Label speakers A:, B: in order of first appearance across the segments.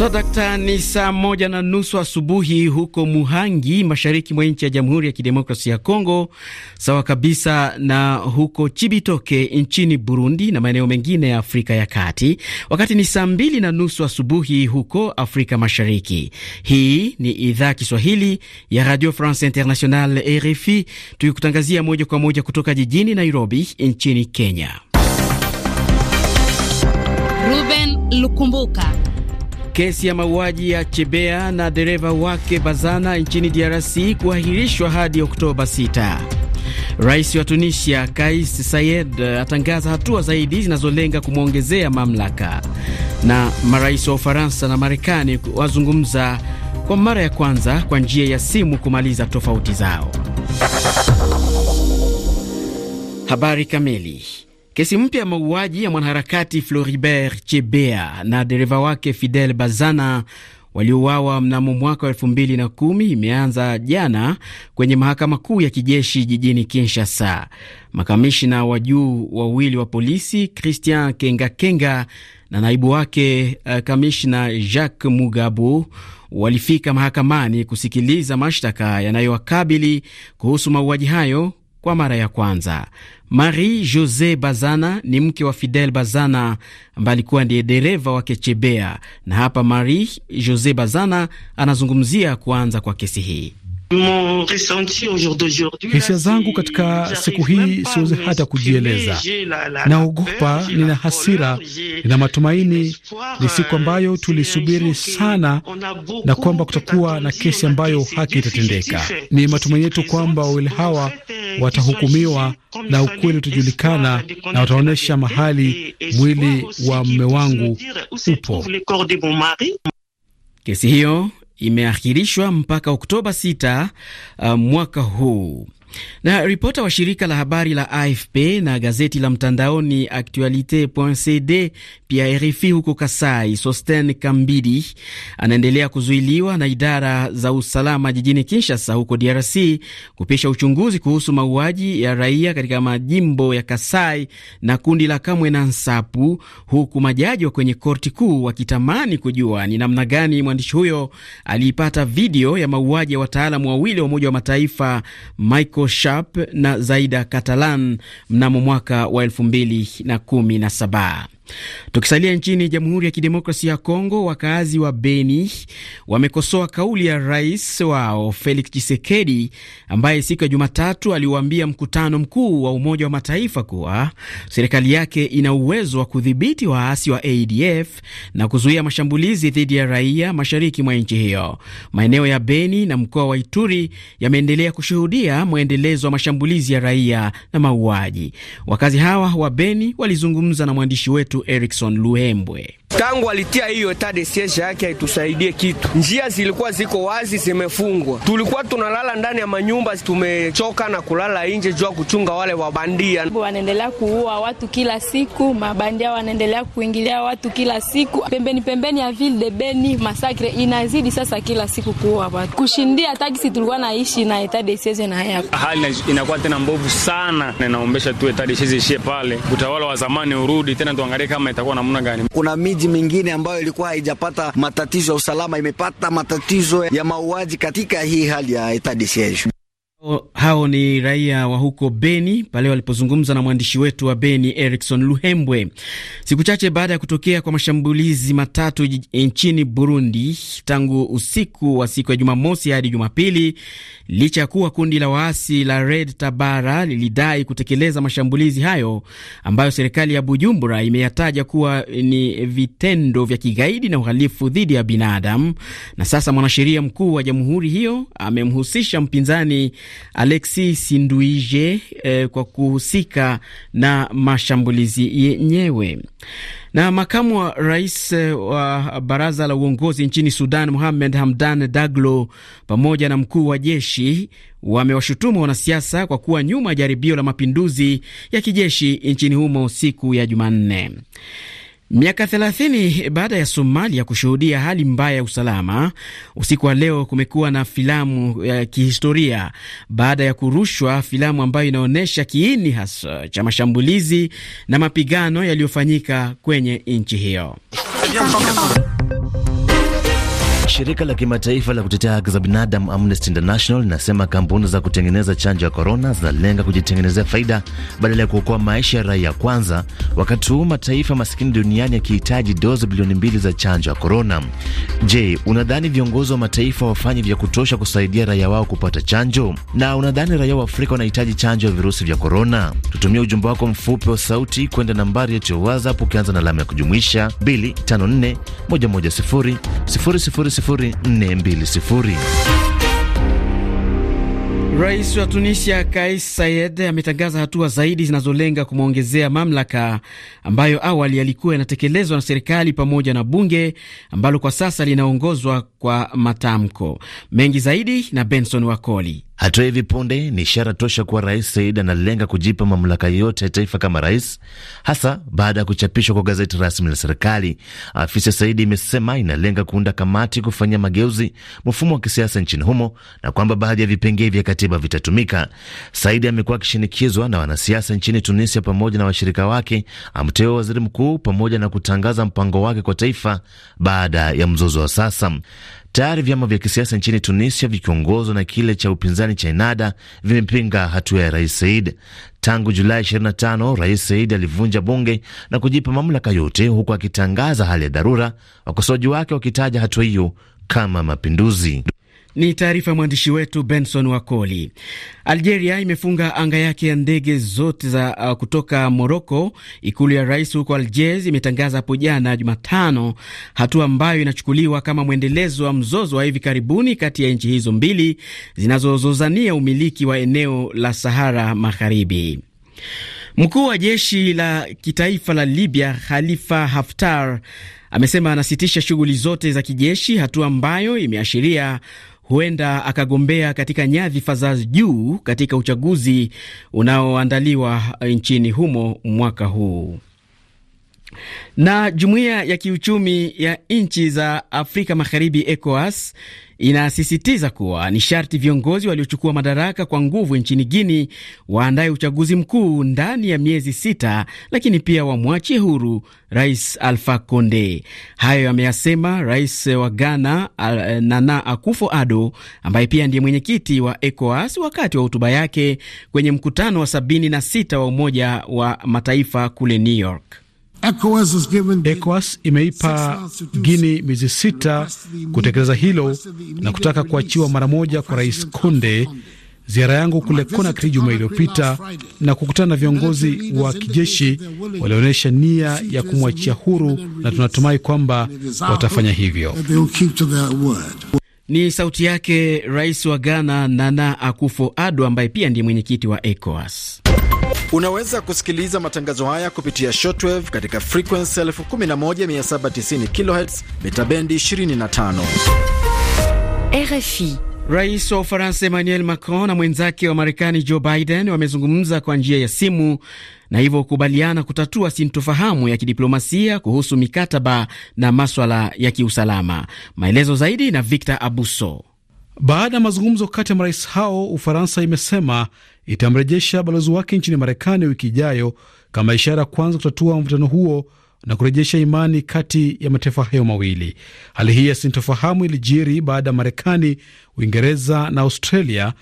A: Swadakta, ni saa moja na nusu asubuhi huko Muhangi, mashariki mwa nchi ya Jamhuri ya kidemokrasi ya Kongo, sawa kabisa na huko Chibitoke nchini Burundi na maeneo mengine ya Afrika ya Kati, wakati ni saa mbili na nusu asubuhi huko Afrika Mashariki. Hii ni idhaa Kiswahili ya Radio France International, RFI, tukikutangazia moja kwa moja kutoka jijini Nairobi nchini Kenya. Ruben Lukumbuka Kesi ya mauaji ya Chebea na dereva wake Bazana nchini DRC kuahirishwa hadi Oktoba 6. Rais wa Tunisia Kais Saied atangaza hatua zaidi zinazolenga kumwongezea mamlaka. Na marais wa Ufaransa na Marekani wazungumza kwa mara ya kwanza kwa njia ya simu kumaliza tofauti zao. Habari kamili. Kesi mpya ya mauaji ya mwanaharakati Floribert Chebea na dereva wake Fidel Bazana waliouawa mnamo mwaka wa elfu mbili na kumi imeanza jana kwenye mahakama kuu ya kijeshi jijini Kinshasa. Makamishina wa juu wawili wa polisi Christian Kengakenga na naibu wake uh, kamishna Jacques Mugabo walifika mahakamani kusikiliza mashtaka yanayowakabili kuhusu mauaji hayo kwa mara ya kwanza. Marie Jose Bazana ni mke wa Fidel Bazana ambaye alikuwa ndiye dereva wa Kechebea, na hapa Marie Jose Bazana anazungumzia kuanza kwa kesi hii.
B: Hisia zangu katika siku hii siwezi hata kujieleza. Naogopa, nina hasira, nina matumaini. Ni siku ambayo euh, tulisubiri sana, na kwamba kutakuwa na kesi ambayo haki itatendeka. Ni matumaini yetu kwamba wawili hawa watahukumiwa na ukweli utajulikana, na wataonyesha mahali mwili wa mme wangu upo. Kesi
A: hiyo imeahirishwa mpaka Oktoba 6 uh, mwaka huu. Na ripota wa shirika la habari la AFP na gazeti la mtandaoni Actualite.cd pia RFI huko Kasai, Sosten Kambidi anaendelea kuzuiliwa na idara za usalama jijini Kinshasa huko DRC kupisha uchunguzi kuhusu mauaji ya raia katika majimbo ya Kasai na kundi la Kamwe na Nsapu, huku majaji wa kwenye korti kuu wakitamani kujua ni namna gani mwandishi huyo aliipata video ya mauaji ya wataalamu wawili wa Umoja wa Mataifa Michael Michael Sharp na Zaida Catalan mnamo mwaka wa 2017. Tukisalia nchini Jamhuri ya Kidemokrasia ya Kongo, wakaazi wa Beni wamekosoa kauli ya rais wao Felix Tshisekedi ambaye siku ya Jumatatu aliuambia mkutano mkuu wa Umoja wa Mataifa kuwa serikali yake ina uwezo wa kudhibiti waasi wa ADF na kuzuia mashambulizi dhidi ya raia mashariki mwa nchi hiyo. Maeneo ya Beni na mkoa wa Ituri yameendelea kushuhudia mwendelezo wa mashambulizi ya raia na mauaji. Wakazi hawa wa Beni walizungumza na mwandishi wetu wetu Erikson Luembwe. Tangu alitia hiyo etat de siege yake haitusaidie kitu. Njia zilikuwa ziko wazi, zimefungwa. Tulikuwa tunalala ndani ya manyumba, tumechoka na kulala nje jua kuchunga wale wabandia. Wanaendelea kuua watu kila siku, mabandia wanaendelea kuingilia watu kila siku. Pembeni pembeni ya ville de Beni masakre inazidi sasa kila siku kuua watu. Kushindia taksi tulikuwa naishi na etat de siege na yako. Hali inakuwa tena mbovu sana na inaombesha tu etat de siege ishie pale. Utawala wa zamani urudi
B: tena tuangalie kama
A: itakuwa namna gani. Kuna miji miji mingine ambayo ilikuwa haijapata matatizo ya usalama imepata matatizo ya mauaji katika hii hali ya etat de siege. Hao ni raia wa huko Beni pale walipozungumza na mwandishi wetu wa Beni Erikson Luhembwe. Siku chache baada ya kutokea kwa mashambulizi matatu nchini Burundi tangu usiku wa siku ya Jumamosi hadi Jumapili, licha ya kuwa kundi la waasi la Red Tabara lilidai kutekeleza mashambulizi hayo ambayo serikali ya Bujumbura imeyataja kuwa ni vitendo vya kigaidi na uhalifu dhidi ya binadamu. Na sasa mwanasheria mkuu wa jamhuri hiyo amemhusisha mpinzani alexi Sinduije eh, kwa kuhusika na mashambulizi yenyewe. Na makamu wa rais eh, wa baraza la uongozi nchini Sudan, muhamed Hamdan Daglo, pamoja na mkuu wa jeshi wamewashutumu wanasiasa kwa kuwa nyuma ya jaribio la mapinduzi ya kijeshi nchini humo siku ya Jumanne. Miaka 30 baada ya Somalia kushuhudia hali mbaya ya usalama, usiku wa leo kumekuwa na filamu ya eh, kihistoria baada ya kurushwa, filamu ambayo inaonyesha kiini hasa cha mashambulizi na mapigano yaliyofanyika kwenye nchi hiyo.
C: Shirika la kimataifa la kutetea haki za binadamu Amnesty International linasema kampuni za kutengeneza chanjo ya korona zinalenga kujitengenezea faida badala ya kuokoa maisha ya raia kwanza, wakati huu mataifa masikini duniani yakihitaji dozi bilioni mbili za chanjo ya korona. Je, unadhani viongozi wa mataifa wafanye vya kutosha kusaidia raia wao kupata chanjo? Na unadhani raia wa Afrika wanahitaji chanjo ya virusi vya korona? Tutumia ujumbe wako mfupi wa sauti kwenda nambari yetu ya WhatsApp ukianza na alama ya kujumuisha 254 110 000
A: Rais wa Tunisia Kais Saied ametangaza hatua zaidi zinazolenga kumwongezea mamlaka ambayo awali yalikuwa yanatekelezwa na serikali pamoja na bunge ambalo kwa sasa linaongozwa
C: kwa matamko mengi zaidi na Benson Wakoli. Hatua hivi punde ni ishara tosha kuwa Rais Said analenga kujipa mamlaka yote ya taifa kama rais, hasa baada ya kuchapishwa kwa gazeti rasmi la serikali. Afisi ya Saidi imesema inalenga kuunda kamati kufanyia mageuzi mfumo wa kisiasa nchini humo na kwamba baadhi ya vipengee vya katiba vitatumika. saidi amekuwa akishinikizwa na wanasiasa nchini Tunisia pamoja na washirika wake amtewa waziri mkuu pamoja na kutangaza mpango wake kwa taifa baada ya mzozo wa sasa. Tayari vyama vya kisiasa nchini Tunisia vikiongozwa na kile cha upinzani cha inada vimepinga hatua ya rais Said. Tangu Julai 25 rais Said alivunja bunge na kujipa mamlaka yote, huku akitangaza hali ya dharura, wakosoaji wake wakitaja hatua hiyo kama mapinduzi. Ni taarifa ya mwandishi wetu Benson Wakoli. Algeria
A: imefunga anga yake ya ndege zote za uh, kutoka Moroko. Ikulu ya rais huko Algiers imetangaza hapo jana Jumatano, hatua ambayo inachukuliwa kama mwendelezo wa mzozo wa hivi karibuni kati ya nchi hizo mbili zinazozozania umiliki wa eneo la Sahara Magharibi. Mkuu wa jeshi la kitaifa la Libya Khalifa Haftar amesema anasitisha shughuli zote za kijeshi, hatua ambayo imeashiria huenda akagombea katika nyadhifa za juu katika uchaguzi unaoandaliwa eh, nchini humo mwaka huu. Na jumuiya ya kiuchumi ya nchi za Afrika Magharibi, ECOWAS, inasisitiza kuwa ni sharti viongozi waliochukua madaraka kwa nguvu nchini Guini waandaye uchaguzi mkuu ndani ya miezi sita, lakini pia wamwachie huru Rais Alfa Conde. Hayo yameyasema rais wa Ghana eh, Nana Akufo Ado, ambaye pia ndiye mwenyekiti wa ECOWAS wakati wa hotuba yake kwenye mkutano wa 76 wa Umoja wa Mataifa kule New York.
B: ECOWAS imeipa guini miezi sita kutekeleza hilo na kutaka kuachiwa mara moja kwa Rais Konde. Ziara yangu kule Conakry juma iliyopita na kukutana na viongozi wa kijeshi walionyesha nia ya kumwachia huru, na tunatumai kwamba watafanya hivyo.
A: Ni sauti yake Rais wa Ghana Nana Akufo-Addo ambaye pia ndiye mwenyekiti wa ECOWAS.
B: Unaweza kusikiliza matangazo haya kupitia shortwave katika
A: frequency 11790 kHz mita bendi 25. RFI. Rais wa Ufaransa Emmanuel Macron na mwenzake wa Marekani Joe Biden wamezungumza kwa njia ya simu na hivyo kukubaliana kutatua sintofahamu ya kidiplomasia kuhusu mikataba na maswala ya kiusalama. Maelezo zaidi na
B: Victor Abuso. Baada ya mazungumzo kati ya marais hao, Ufaransa imesema itamrejesha balozi wake nchini Marekani wiki ijayo kama ishara ya kwanza kutatua mvutano huo na kurejesha imani kati ya mataifa hayo mawili. Hali hii ya sintofahamu ilijiri baada ya Marekani, Uingereza na Australia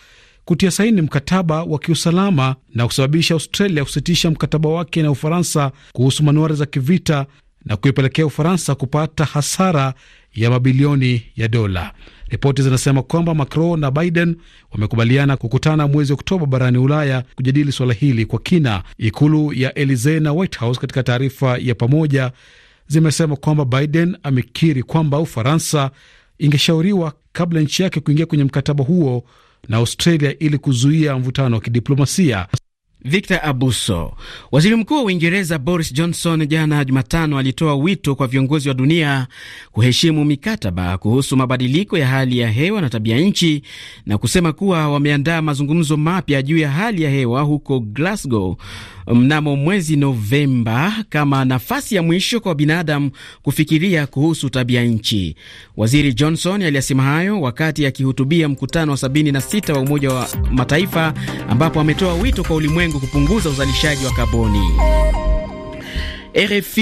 B: kutia saini mkataba wa kiusalama na kusababisha Australia kusitisha mkataba wake na Ufaransa kuhusu manuari za kivita na kuipelekea Ufaransa kupata hasara ya mabilioni ya dola. Ripoti zinasema kwamba Macron na Biden wamekubaliana kukutana mwezi Oktoba barani Ulaya kujadili suala hili kwa kina. Ikulu ya Elisee na White House katika taarifa ya pamoja zimesema kwamba Biden amekiri kwamba Ufaransa ingeshauriwa kabla nchi yake kuingia kwenye mkataba huo na Australia ili kuzuia mvutano wa kidiplomasia. Victor Abuso. Waziri Mkuu wa Uingereza Boris Johnson jana
A: Jumatano alitoa wito kwa viongozi wa dunia kuheshimu mikataba kuhusu mabadiliko ya hali ya hewa na tabia nchi na kusema kuwa wameandaa mazungumzo mapya juu ya hali ya hewa huko Glasgow mnamo mwezi Novemba kama nafasi ya mwisho kwa binadamu kufikiria kuhusu tabia nchi. Waziri Johnson aliyasema hayo wakati akihutubia mkutano wa 76 wa Umoja wa Mataifa ambapo
B: ametoa wito kwa ulimwengu kupunguza uzalishaji wa kaboni. RFI